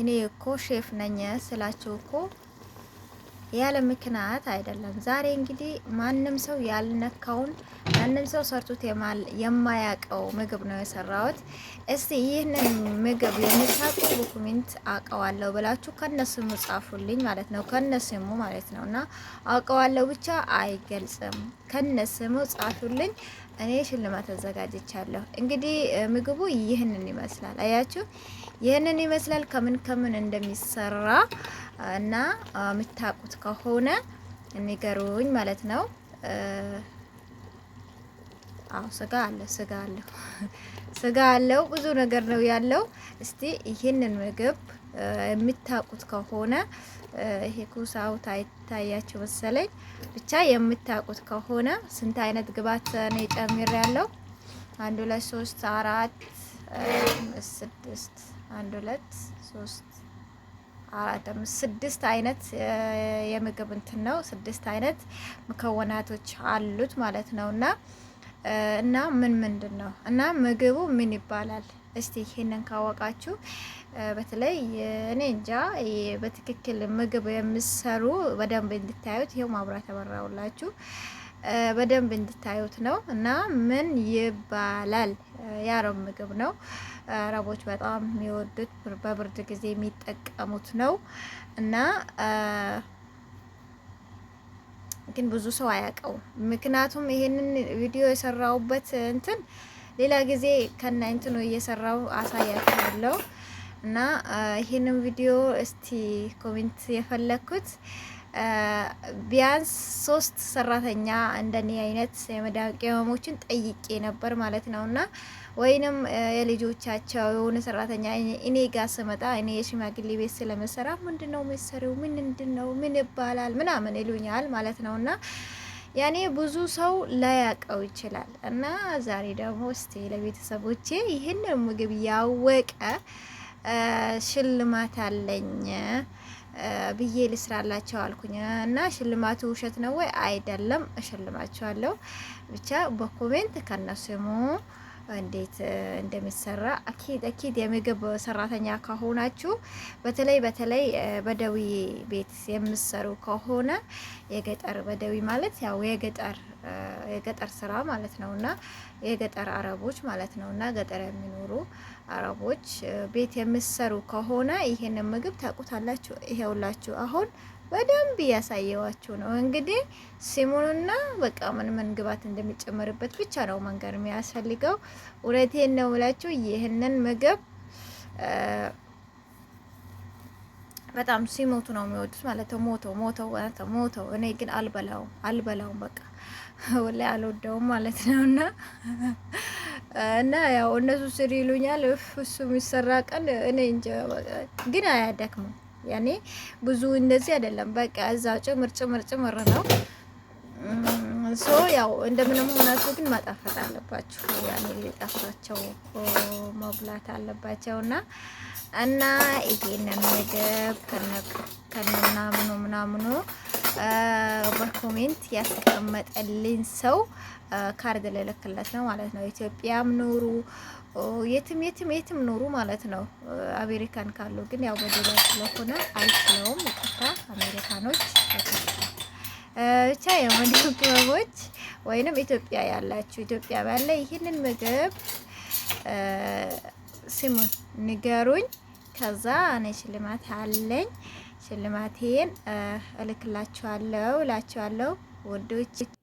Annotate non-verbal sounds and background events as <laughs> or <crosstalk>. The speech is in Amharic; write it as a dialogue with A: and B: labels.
A: እኔ እኮ ሼፍ ነኝ ስላችሁ እኮ ያለ ምክንያት አይደለም። ዛሬ እንግዲህ ማንም ሰው ያልነካውን ማንም ሰው ሰርቶት የማያውቀው ምግብ ነው የሰራሁት። እስቲ ይህንን ምግብ የሚታቁ ዶኩሜንት አውቀዋለሁ ብላችሁ ከነስሙ ጻፉልኝ ማለት ነው። ከነስሙ ማለት ነው እና አውቀዋለሁ ብቻ አይገልጽም። ከነስሙ ጻፉልኝ። እኔ ሽልማት አዘጋጅቻለሁ። እንግዲህ ምግቡ ይህንን ይመስላል። አያችሁ፣ ይህንን ይመስላል ከምን ከምን እንደሚሰራ እና የምታውቁት ከሆነ ንገሩኝ ማለት ነው። አዎ ስጋ አለ፣ ስጋ አለ፣ <laughs> ስጋ አለው። ብዙ ነገር ነው ያለው። እስቲ ይህንን ምግብ የምታውቁት ከሆነ ይሄ ኩሳው ታይታያችሁ መሰለኝ። ብቻ የምታውቁት ከሆነ ስንት አይነት ግባት ነው ጨምር ያለው? አንድ ሁለት ሶስት አራት ስድስት አንድ ሁለት ሶስት አራት አምስት ስድስት አይነት የምግብ እንትን ነው። ስድስት አይነት መከወናቶች አሉት ማለት ነውና እና ምን ምንድን ነው እና ምግቡ ምን ይባላል? እስቲ ይህንን ካወቃችሁ በተለይ እኔ እንጃ በትክክል ምግብ የምሰሩ በደንብ እንድታዩት ይሄው ማብራ ያበራውላችሁ በደንብ እንድታዩት ነው። እና ምን ይባላል? የአረብ ምግብ ነው። አረቦች በጣም የሚወዱት በብርድ ጊዜ የሚጠቀሙት ነው እና ግን ብዙ ሰው አያውቀው። ምክንያቱም ይሄንን ቪዲዮ የሰራውበት እንትን ሌላ ጊዜ ከና እንትኑ እየሰራው አሳያችኋለሁ እና ይሄንን ቪዲዮ እስቲ ኮሜንት የፈለኩት ቢያንስ ሶስት ሰራተኛ እንደኔ አይነት የመዳቂ ህመሞችን ጠይቄ ነበር ማለት ነው። እና ወይንም የልጆቻቸው የሆነ ሰራተኛ እኔ ጋር ስመጣ እኔ የሽማግሌ ቤት ስለመሰራ ምንድን ነው መሰሪው ምንድን ነው ምን ይባላል ምናምን ይሉኛል ማለት ነው እና ያኔ ብዙ ሰው ላያቀው ይችላል እና ዛሬ ደግሞ እስቲ ለቤተሰቦቼ ይህንን ምግብ ያወቀ ሽልማት አለኝ ብዬ ልስራላቸው አልኩኝ እና ሽልማቱ ውሸት ነው ወይ አይደለም? እሸልማቸዋለሁ ብቻ በኮሜንት ሞ እንዴት እንደሚሰራ አኪድ አኪድ የምግብ ሰራተኛ ከሆናችሁ በተለይ በተለይ በደዊ ቤት የምሰሩ ከሆነ የገጠር በደዊ ማለት ያው የገጠር የገጠር ስራ ማለት ነውና የገጠር አረቦች ማለት ነውና ገጠር የሚኖሩ አረቦች ቤት የምሰሩ ከሆነ ይህንን ምግብ ታውቁታላችሁ። ይሄውላችሁ አሁን በደንብ እያሳየዋቸው ነው። እንግዲህ ሲሙንና በቃ ምን ምን ግባት እንደሚጨመርበት ብቻ ነው መንገር የሚያስፈልገው። እውነቴን ነው ብላችሁ ይህንን ምግብ በጣም ሲሞቱ ነው የሚወዱት ማለት ነው። ሞተው ሞተው ሞተው። እኔ ግን አልበላውም አልበላውም በቃ <laughs> ወላሂ አልወደውም ማለት ነው። እና <laughs> እና ያው እነሱ ስር ይሉኛል። እሱም የሚሰራ ቀን እኔ እንጂ ግን አያደክምም ያኔ ብዙ እንደዚህ አይደለም። በቃ እዛው ጭምር ጭምር ጭምር ነው። ሶ ያው እንደምንም ሆናችሁ ግን ማጣፈጥ አለባችሁ። ያኔ ሊጣፍጣቸው መብላት አለባቸው እና እና ይሄንን ምግብ ከነ ምናምኑ ምናምኑ በኮሜንት ያስቀመጠልኝ ሰው ካርድ ልልክለት ነው ማለት ነው። ኢትዮጵያም ኑሩ የትም የትም የትም ኑሩ ማለት ነው። አሜሪካን ካሉ ግን ያው በደላ ስለሆነ አይችለውም። ይቅርታ አሜሪካኖች ብቻ የምግብ ክበቦች ወይንም ኢትዮጵያ ያላችሁ ኢትዮጵያ ባለ ይህንን ምግብ ስሙን ንገሩኝ። ከዛ እኔ ሽልማት አለኝ ሽልማቴን እልክላችኋለሁ እላችኋለሁ ውዶች